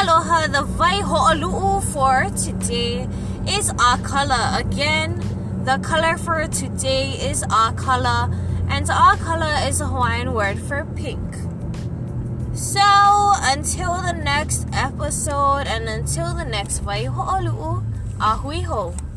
Aloha, the vai ho'olu'u for today is Akala. Again, the color for today is Akala, and Akala is a Hawaiian word for pink. So, until the next episode and until the next vai ho'olu'u, ahui ho.